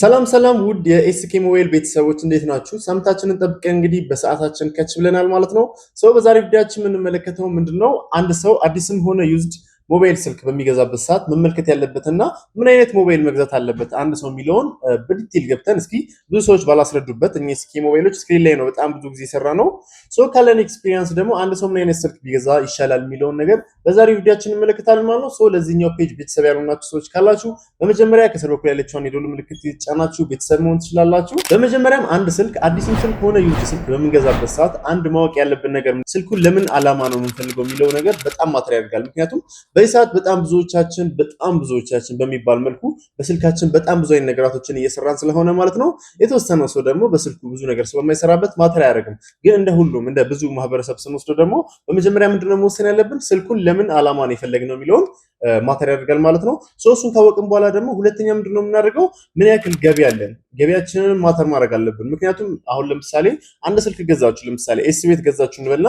ሰላም ሰላም ውድ የኤስኬ ሞባይል ቤተሰቦች እንዴት ናችሁ? ሰምታችንን ጠብቀን እንግዲህ በሰዓታችን ከች ብለናል ማለት ነው። ሰው በዛሬ ቪዲያችን የምንመለከተው ምንድን ነው አንድ ሰው አዲስም ሆነ ዩዝድ ሞባይል ስልክ በሚገዛበት ሰዓት መመልከት ያለበትና ምን አይነት ሞባይል መግዛት አለበት አንድ ሰው የሚለውን በዲቴል ገብተን እስኪ ብዙ ሰዎች ባላስረዱበት እ ስኪ ሞባይሎች ስክሪን ላይ ነው በጣም ብዙ ጊዜ የሰራ ነው። ሶ ካለን ኤክስፒሪየንስ ደግሞ አንድ ሰው ምን አይነት ስልክ ቢገዛ ይሻላል የሚለውን ነገር በዛሬ ቪዲያችን እንመለከታለን ማለት ነው። ሶ ለዚህኛው ፔጅ ቤተሰብ ያልሆናችሁ ሰዎች ካላችሁ በመጀመሪያ ከስር በኩል ያለችውን የደወል ምልክት ጫናችሁ ቤተሰብ መሆን ትችላላችሁ። በመጀመሪያም አንድ ስልክ አዲስም ስልክ ሆነ ዩዝ ስልክ በምንገዛበት ሰዓት አንድ ማወቅ ያለብን ነገር ስልኩን ለምን አላማ ነው የምንፈልገው የሚለው ነገር በጣም ማተር ያደርጋል ምክንያቱም በዚህ ሰዓት በጣም ብዙዎቻችን በጣም ብዙዎቻችን በሚባል መልኩ በስልካችን በጣም ብዙ አይነት ነገራቶችን እየሰራን ስለሆነ ማለት ነው። የተወሰነው ሰው ደግሞ በስልኩ ብዙ ነገር ስለማይሰራበት ማተር አያደርግም። ግን እንደ ሁሉም እንደ ብዙ ማህበረሰብ ስንወስደው ደግሞ በመጀመሪያ ምንድነው መወሰን ያለብን ስልኩን ለምን አላማ ነው የፈለግነው የሚለውን ማተር ያደርጋል ማለት ነው። ሶስቱን ካወቅን በኋላ ደግሞ ሁለተኛ ምንድን ነው የምናደርገው? ምን ያክል ገቢ አለን፣ ገቢያችንን ማተር ማድረግ አለብን። ምክንያቱም አሁን ለምሳሌ አንድ ስልክ ገዛችሁ፣ ለምሳሌ ኤስ ቤት ገዛችሁ እንበልና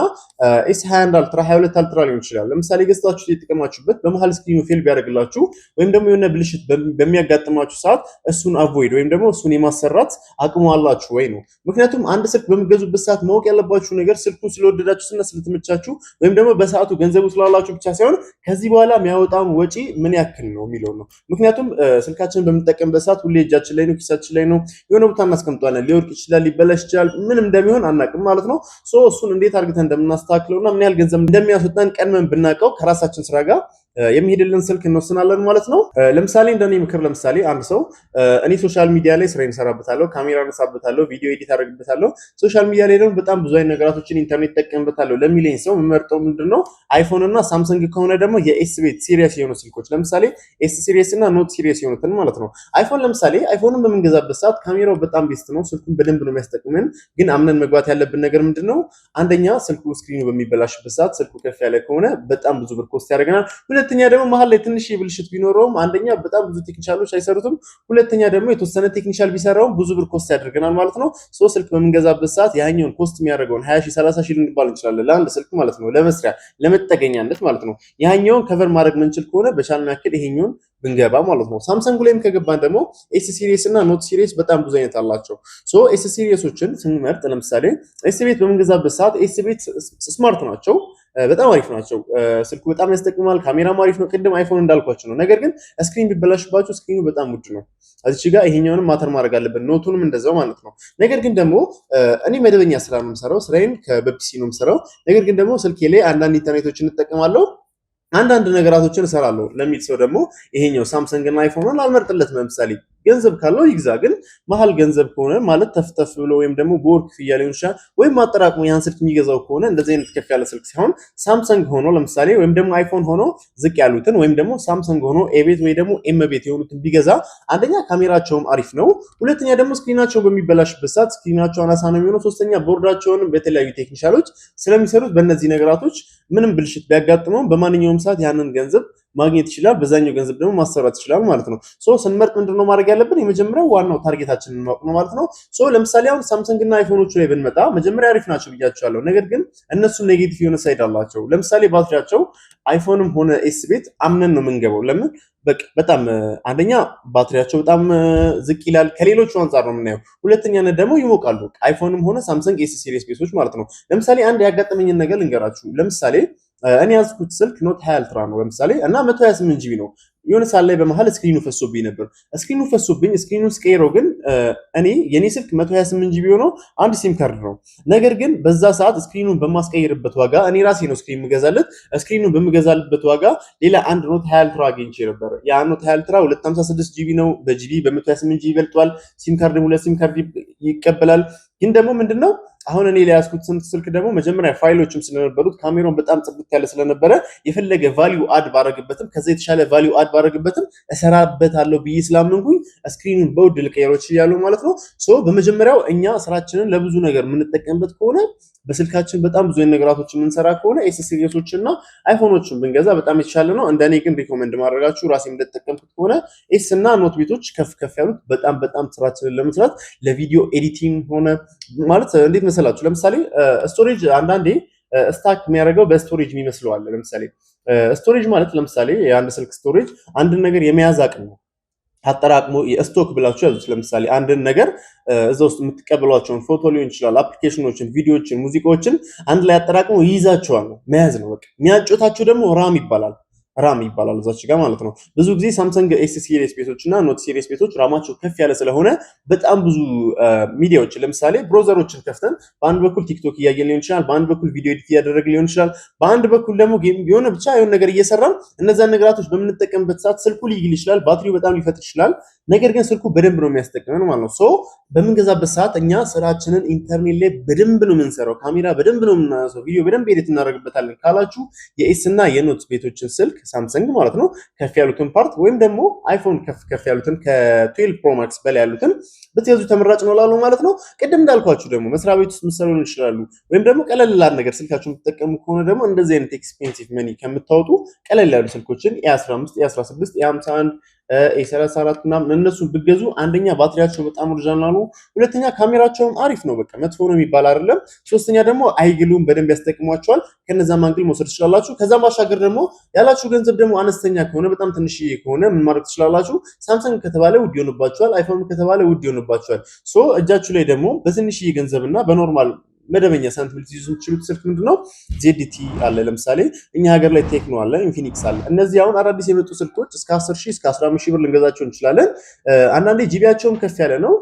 ኤስ 21 አልትራ 22 አልትራ ሊሆን ይችላል። ለምሳሌ ገዝታችሁ የተጠቀማችሁበት በመሀል ስክሪኑ ፌል ቢያደርግላችሁ ወይም ደግሞ የሆነ ብልሽት በሚያጋጥማችሁ ሰዓት እሱን አቮይድ ወይም ደግሞ እሱን የማሰራት አቅሙ አላችሁ ወይ ነው። ምክንያቱም አንድ ስልክ በምገዙበት ሰዓት ማወቅ ያለባችሁ ነገር ስልኩን ስለወደዳችሁ እና ስለተመቻችሁ ወይም ደግሞ በሰዓቱ ገንዘቡ ስላላችሁ ብቻ ሳይሆን ከዚህ በኋላ የሚያወጣ የእቃውን ወጪ ምን ያክል ነው የሚለው ነው። ምክንያቱም ስልካችንን በምንጠቀምበት ሰዓት ሁሌ እጃችን ላይ ነው፣ ኪሳችን ላይ ነው፣ የሆነ ቦታ እናስቀምጠዋለን። ሊወድቅ ይችላል፣ ሊበላሽ ይችላል፣ ምን እንደሚሆን አናቅም ማለት ነው። እሱን እንዴት አድርገን እንደምናስተካክለው እና ምን ያህል ገንዘብ እንደሚያስወጣን ቀድመን ብናውቀው ከራሳችን ስራ ጋር የሚሄድልን ስልክ እንወስናለን ማለት ነው። ለምሳሌ እንደኔ ምክር ለምሳሌ አንድ ሰው እኔ ሶሻል ሚዲያ ላይ ስራ እሰራበታለሁ፣ ካሜራ እነሳበታለሁ፣ ቪዲዮ ኤዲት አደርግበታለሁ፣ ሶሻል ሚዲያ ላይ ደግሞ በጣም ብዙ አይነት ነገራቶችን ኢንተርኔት ጠቀምበታለሁ ለሚለኝ ሰው የምመርጠው ምንድን ነው አይፎን እና ሳምሰንግ ከሆነ ደግሞ የኤስ ቤት ሲሪየስ የሆኑ ስልኮች ለምሳሌ ኤስ ሲሪየስ እና ኖት ሲሪየስ የሆኑትን ማለት ነው። አይፎን ለምሳሌ አይፎንን በምንገዛበት ሰዓት ካሜራው በጣም ቤስት ነው፣ ስልኩን በደንብ ነው የሚያስጠቅመን። ግን አምነን መግባት ያለብን ነገር ምንድን ነው አንደኛ ስልኩ ስክሪኑ በሚበላሽበት ሰዓት ስልኩ ከፍ ያለ ከሆነ በጣም ብዙ ብር ኮስት ያደርገናል። ሁለተኛ ደግሞ መሀል ላይ ትንሽ ብልሽት ቢኖረውም አንደኛ በጣም ብዙ ቴክኒሻሎች አይሰሩትም፣ ሁለተኛ ደግሞ የተወሰነ ቴክኒሻል ቢሰራውም ብዙ ብር ኮስት ያደርገናል ማለት ነው። ሶ ስልክ በምንገዛበት ሰዓት ያኛውን ኮስት የሚያደርገውን ሀያ ሺህ ሰላሳ ሺህ ልንባል እንችላለን ለአንድ ስልክ ማለት ነው፣ ለመስሪያ ለመጠገኛነት ማለት ነው። ያኛውን ከቨር ማድረግ ምንችል ከሆነ በቻልን ያክል ይሄኛውን ብንገባ ማለት ነው። ሳምሰንጉ ላይም ከገባን ደግሞ ኤስ ሲሪየስ እና ኖት ሲሪየስ በጣም ብዙ አይነት አላቸው። ሶ ኤስ ሲሪየሶችን ስንመርጥ ለምሳሌ ኤስ ቤት በምንገዛበት ሰዓት ኤስ ቤት ስማርት ናቸው በጣም አሪፍ ናቸው። ስልኩ በጣም ያስጠቅማል። ካሜራም አሪፍ ነው። ቅድም አይፎን እንዳልኳቸው ነው። ነገር ግን ስክሪን ቢበላሽባቸው ስክሪኑ በጣም ውድ ነው። እዚች ጋር ይሄኛውንም ማተር ማድረግ አለብን። ኖቱንም እንደዛው ማለት ነው። ነገር ግን ደግሞ እኔ መደበኛ ስራ ነው የምሰራው። ስራዬን በፒሲ ነው የምሰራው። ነገር ግን ደግሞ ስልኬ ላይ አንዳንድ ኢንተርኔቶችን እንጠቀማለሁ አንዳንድ ነገራቶችን እሰራለሁ ለሚል ሰው ደግሞ ይሄኛው ሳምሰንግና አይፎንን አልመርጥለትም። ለምሳሌ ገንዘብ ካለው ይግዛ። ግን መሀል ገንዘብ ከሆነ ማለት ተፍተፍ ብሎ ወይም ደግሞ በወር ክፍያ ሊሆን ይችላል ወይም አጠራቅሞ ያን ስልክ የሚገዛው ከሆነ እንደዚህ አይነት ከፍ ያለ ስልክ ሲሆን ሳምሰንግ ሆኖ ለምሳሌ ወይም ደግሞ አይፎን ሆኖ ዝቅ ያሉትን ወይም ደግሞ ሳምሰንግ ሆኖ ኤቤት ወይ ደግሞ ኤም ቤት የሆኑትን ቢገዛ አንደኛ ካሜራቸውም አሪፍ ነው፣ ሁለተኛ ደግሞ ስክሪናቸው በሚበላሽበት ሰዓት ስክሪናቸው አናሳ ነው የሚሆነው፣ ሶስተኛ ቦርዳቸውን በተለያዩ ቴክኒሻሎች ስለሚሰሩት በእነዚህ ነገራቶች ምንም ብልሽት ቢያጋጥመው በማንኛውም ሰዓት ያንን ገንዘብ ማግኘት ይችላል። በዛኛው ገንዘብ ደግሞ ማሰራት ይችላል ማለት ነው። ሶ ስንመርጥ ምንድነው ማድረግ ያለብን? የመጀመሪያው ዋናው ታርጌታችን ማወቅ ነው ማለት ነው። ሶ ለምሳሌ አሁን ሳምሰንግ እና አይፎኖቹ ላይ ብንመጣ መጀመሪያ አሪፍ ናቸው ብያቸዋለሁ። ነገር ግን እነሱ ኔጌቲቭ የሆነ ሳይድ አላቸው። ለምሳሌ ባትሪያቸው አይፎንም ሆነ ኤስ ቤት አምነን ነው የምንገባው። ለምን በቃ በጣም አንደኛ ባትሪያቸው በጣም ዝቅ ይላል ከሌሎቹ አንጻር ነው የምናየው። ሁለተኛነት ደግሞ ይሞቃሉ፣ አይፎንም ሆነ ሳምሰንግ ኤስ ሲሪስ ቤቶች ማለት ነው። ለምሳሌ አንድ ያጋጠመኝን ነገር ልንገራችሁ። ለምሳሌ እኔ ያዝኩት ስልክ ኖት ሀያ አልትራ ነው ለምሳሌ እና መቶ ሀያ ስምንት ጂቢ ነው። የሆነ ሳል ላይ በመሀል ስክሪኑ ፈሶብኝ ነበር። ስክሪኑ ፈሶብኝ ስክሪኑን ስቀይሮ ግን እኔ የኔ ስልክ መቶ ሀያ ስምንት ጂቢ ሆኖ አንድ ሲም ካርድ ነው። ነገር ግን በዛ ሰዓት ስክሪኑን በማስቀይርበት ዋጋ እኔ ራሴ ነው ስክሪን የምገዛለት። ስክሪኑን በምገዛልበት ዋጋ ሌላ አንድ ኖት ሀያ አልትራ አግኝቼ ነበር። ያ ኖት ሀያ አልትራ ሁለት ሀምሳ ስድስት ጂቢ ነው። በጂቢ በመቶ ሀያ ስምንት ጂቢ ይበልጠዋል። ሲም ካርድ ሁለት ሲም ካርድ ይቀበላል። ግን ደግሞ ምንድን ነው አሁን እኔ ላይ ስንት ስልክ ደግሞ መጀመሪያ ፋይሎችም ስለነበሩት ካሜራውን በጣም ጽብት ያለ ስለነበረ የፈለገ ቫሊዩ አድ ባረግበትም ከዛ የተሻለ ቫሊዩ አድ ባረግበትም እሰራበታለሁ ብዬ ስላመንኩኝ ስክሪኑን በውድ ልቀይሮች እያሉ ማለት ነው። ሶ በመጀመሪያው እኛ ስራችንን ለብዙ ነገር የምንጠቀምበት ከሆነ በስልካችን በጣም ብዙ ነገራቶች የምንሰራ ከሆነ ኤስ እና አይፎኖችን ብንገዛ በጣም የተሻለ ነው። እንደኔ ግን ሪኮመንድ ማድረጋችሁ ራሴ እንደተጠቀምኩት ከሆነ ኤስ እና ኖት ቤቶች ከፍ ከፍ ያሉት በጣም በጣም ስራችንን ለመስራት ለቪዲዮ ኤዲቲንግ ሆነ ማለት እንዴት መሰላችሁ? ለምሳሌ ስቶሬጅ አንዳንዴ ስታክ የሚያደርገው በስቶሬጅ የሚመስለዋል። ለምሳሌ ስቶሬጅ ማለት ለምሳሌ የአንድ ስልክ ስቶሬጅ አንድን ነገር የመያዝ አቅም ነው አጠራቅሞ የስቶክ ብላችሁ ያዙት። ለምሳሌ አንድን ነገር እዛ ውስጥ የምትቀበሏቸውን ፎቶ ሊሆን ይችላል፣ አፕሊኬሽኖችን፣ ቪዲዮዎችን፣ ሙዚቃዎችን አንድ ላይ አጠራቅሞ ይይዛቸዋል ነው መያዝ ነው። በቃ የሚያጮታችሁ ደግሞ ራም ይባላል። ራም ይባላል እዛች ጋር ማለት ነው። ብዙ ጊዜ ሳምሰንግ ኤስ ሲሪስ ቤቶች እና ኖት ሲሪስ ቤቶች ራማቸው ከፍ ያለ ስለሆነ በጣም ብዙ ሚዲያዎች ለምሳሌ ብሮዘሮችን ከፍተን በአንድ በኩል ቲክቶክ እያየን ሊሆን ይችላል፣ በአንድ በኩል ቪዲዮ ኤዲት እያደረግ ሊሆን ይችላል፣ በአንድ በኩል ደግሞ የሆነ ብቻ የሆነ ነገር እየሰራን እነዛን ነገራቶች በምንጠቀምበት ሰዓት ስልኩ ሊግል ይችላል፣ ባትሪው በጣም ሊፈት ይችላል። ነገር ግን ስልኩ በደንብ ነው የሚያስጠቅመን ማለት ነው። ሶ በምንገዛበት ሰዓት እኛ ስራችንን ኢንተርኔት ላይ በደንብ ነው የምንሰራው፣ ካሜራ በደንብ ነው የምናነሳው፣ ቪዲዮ በደንብ ኤዲት እናደርግበታለን ካላችሁ የኤስ እና የኖት ቤቶችን ስልክ ሳምሰንግ ማለት ነው ከፍ ያሉትን ፓርት ወይም ደግሞ አይፎን ከፍ ከፍ ያሉትን ከ12 ፕሮማክስ በላይ ያሉትን ብትገዙ ተመራጭ ነው ላሉ ማለት ነው። ቅድም እንዳልኳችሁ ደግሞ መስሪያ ቤት ውስጥ ምሰሩ ይችላሉ፣ ወይም ደግሞ ቀለል ላል ነገር ስልካችሁ የምትጠቀሙ ከሆነ ደግሞ እንደዚህ አይነት ኤክስፔንሲቭ መኒ ከምታወጡ ቀለል ያሉ ስልኮችን ኤ15፣ ኤ16፣ ኤ51 የሰላሳ አራት ምናምን እነሱን ብገዙ አንደኛ ባትሪያቸው በጣም ኦሪጂናል ነው። ሁለተኛ ካሜራቸውም አሪፍ ነው፣ በቃ መጥፎ ነው የሚባል አይደለም። ሶስተኛ ደግሞ አይግሉም በደንብ ያስጠቅሟቸዋል። ከነዛ አንግል መውሰድ ትችላላችሁ። ከዛም ባሻገር ደግሞ ያላችሁ ገንዘብ ደግሞ አነስተኛ ከሆነ በጣም ትንሽዬ ከሆነ ምን ማድረግ ትችላላችሁ? ሳምሰንግ ከተባለ ውድ ይሆንባችኋል፣ አይፎን ከተባለ ውድ ይሆንባችኋል። ሶ እጃችሁ ላይ ደግሞ በትንሽዬ ገንዘብና በኖርማል መደበኛ ሳንት ብል ትይዙ የምትችሉት ስልክ ምንድን ነው? ዜድቲ አለ። ለምሳሌ እኛ ሀገር ላይ ቴክኖ አለ፣ ኢንፊኒክስ አለ። እነዚህ አሁን አዳዲስ የመጡ ስልኮች እስከ 10 ሺህ እስከ 15 ሺህ ብር ልንገዛቸው እንችላለን። አንዳንዴ ጂቢያቸውም ከፍ ያለ ነው።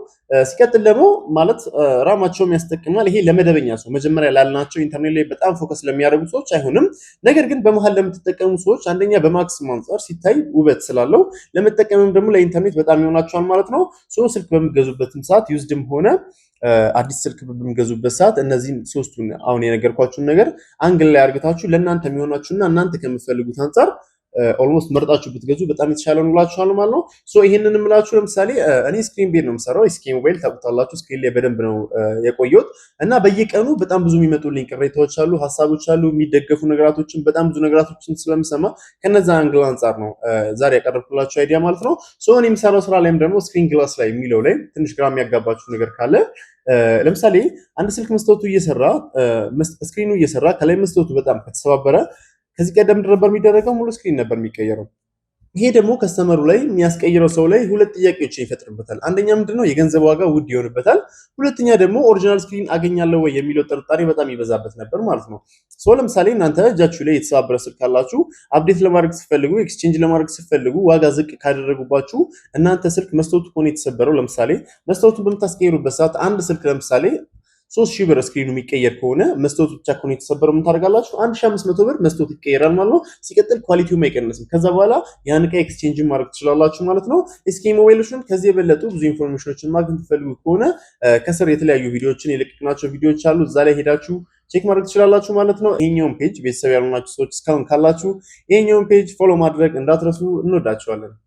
ሲቀጥል ደግሞ ማለት ራማቸውም ያስጠቅማል። ይሄ ለመደበኛ ሰው መጀመሪያ ላልናቸው ኢንተርኔት ላይ በጣም ፎከስ ለሚያደርጉ ሰዎች አይሆንም። ነገር ግን በመሀል ለምትጠቀሙ ሰዎች አንደኛ በማክስም አንጻር ሲታይ ውበት ስላለው ለመጠቀምም ደግሞ ለኢንተርኔት በጣም ይሆናቸዋል ማለት ነው። ሶ ስልክ በሚገዙበትም ሰዓት ዩዝድም ሆነ አዲስ ስልክ በሚገዙበት ሰዓት እነዚህም ሶስቱን አሁን የነገርኳችሁን ነገር አንግል ላይ አርግታችሁ ለእናንተ የሚሆናችሁና እናንተ ከምትፈልጉት አንጻር ኦልሞስት መርጣችሁ ብትገዙ በጣም የተሻለ ነው እላችኋለሁ ማለት ነው። ሶ ይህንን የምላችሁ ለምሳሌ እኔ ስክሪን ቤት ነው የምሰራው። ስኪ ሞባይል ታውቁታላችሁ። ስክሪን ላይ በደንብ ነው የቆየሁት እና በየቀኑ በጣም ብዙ የሚመጡልኝ ቅሬታዎች አሉ፣ ሀሳቦች አሉ፣ የሚደገፉ ነገራቶችን በጣም ብዙ ነገራቶችን ስለምሰማ ከነዛ አንግል አንጻር ነው ዛሬ ያቀረብኩላችሁ አይዲያ ማለት ነው። ሶ እኔ የሚሰራው ስራ ላይም ደግሞ ስክሪን ግላስ ላይ የሚለው ላይ ትንሽ ግራ የሚያጋባችሁ ነገር ካለ ለምሳሌ አንድ ስልክ መስታወቱ እየሰራ ስክሪኑ እየሰራ ከላይ መስታወቱ በጣም ከተሰባበረ ከዚህ ቀደም ነበር የሚደረገው ሙሉ ስክሪን ነበር የሚቀየረው። ይሄ ደግሞ ከስተመሩ ላይ የሚያስቀይረው ሰው ላይ ሁለት ጥያቄዎችን ይፈጥርበታል። አንደኛ ምንድነው የገንዘብ ዋጋ ውድ ይሆንበታል። ሁለተኛ ደግሞ ኦሪጂናል ስክሪን አገኛለሁ ወይ የሚለው ጥርጣሬ በጣም ይበዛበት ነበር ማለት ነው። ሶ ለምሳሌ እናንተ እጃችሁ ላይ የተሰባበረ ስልክ ካላችሁ አፕዴት ለማድረግ ስትፈልጉ፣ ኤክስቼንጅ ለማድረግ ስትፈልጉ ዋጋ ዝቅ ካደረጉባችሁ እናንተ ስልክ መስታወቱ ከሆነ የተሰበረው ለምሳሌ መስታወቱን በምታስቀይሩበት ሰዓት አንድ ስልክ ለምሳሌ ሶስት ሺህ ብር ስክሪኑ የሚቀየር ከሆነ መስታወቱ ብቻ ከሆነ የተሰበረው ምን ታደርጋላችሁ? አንድ ሺህ አምስት መቶ ብር መስታወት ይቀየራል ማለት ነው። ሲቀጥል ኳሊቲውም አይቀንስም። ከዛ በኋላ ያን ዕቃ ኤክስቼንጅ ማድረግ ትችላላችሁ ማለት ነው። እስኪ ሞባይሎችን ከዚህ የበለጡ ብዙ ኢንፎርሜሽኖችን ማግኘት ትፈልጉ ከሆነ ከስር የተለያዩ ቪዲዮዎችን የለቀቅናቸው ቪዲዮዎች አሉ። እዛ ላይ ሄዳችሁ ቼክ ማድረግ ትችላላችሁ ማለት ነው። ይሄኛውን ፔጅ ቤተሰብ ያልሆናችሁ ሰዎች እስካሁን ካላችሁ ይሄኛውን ፔጅ ፎሎ ማድረግ እንዳትረሱ። እንወዳችኋለን።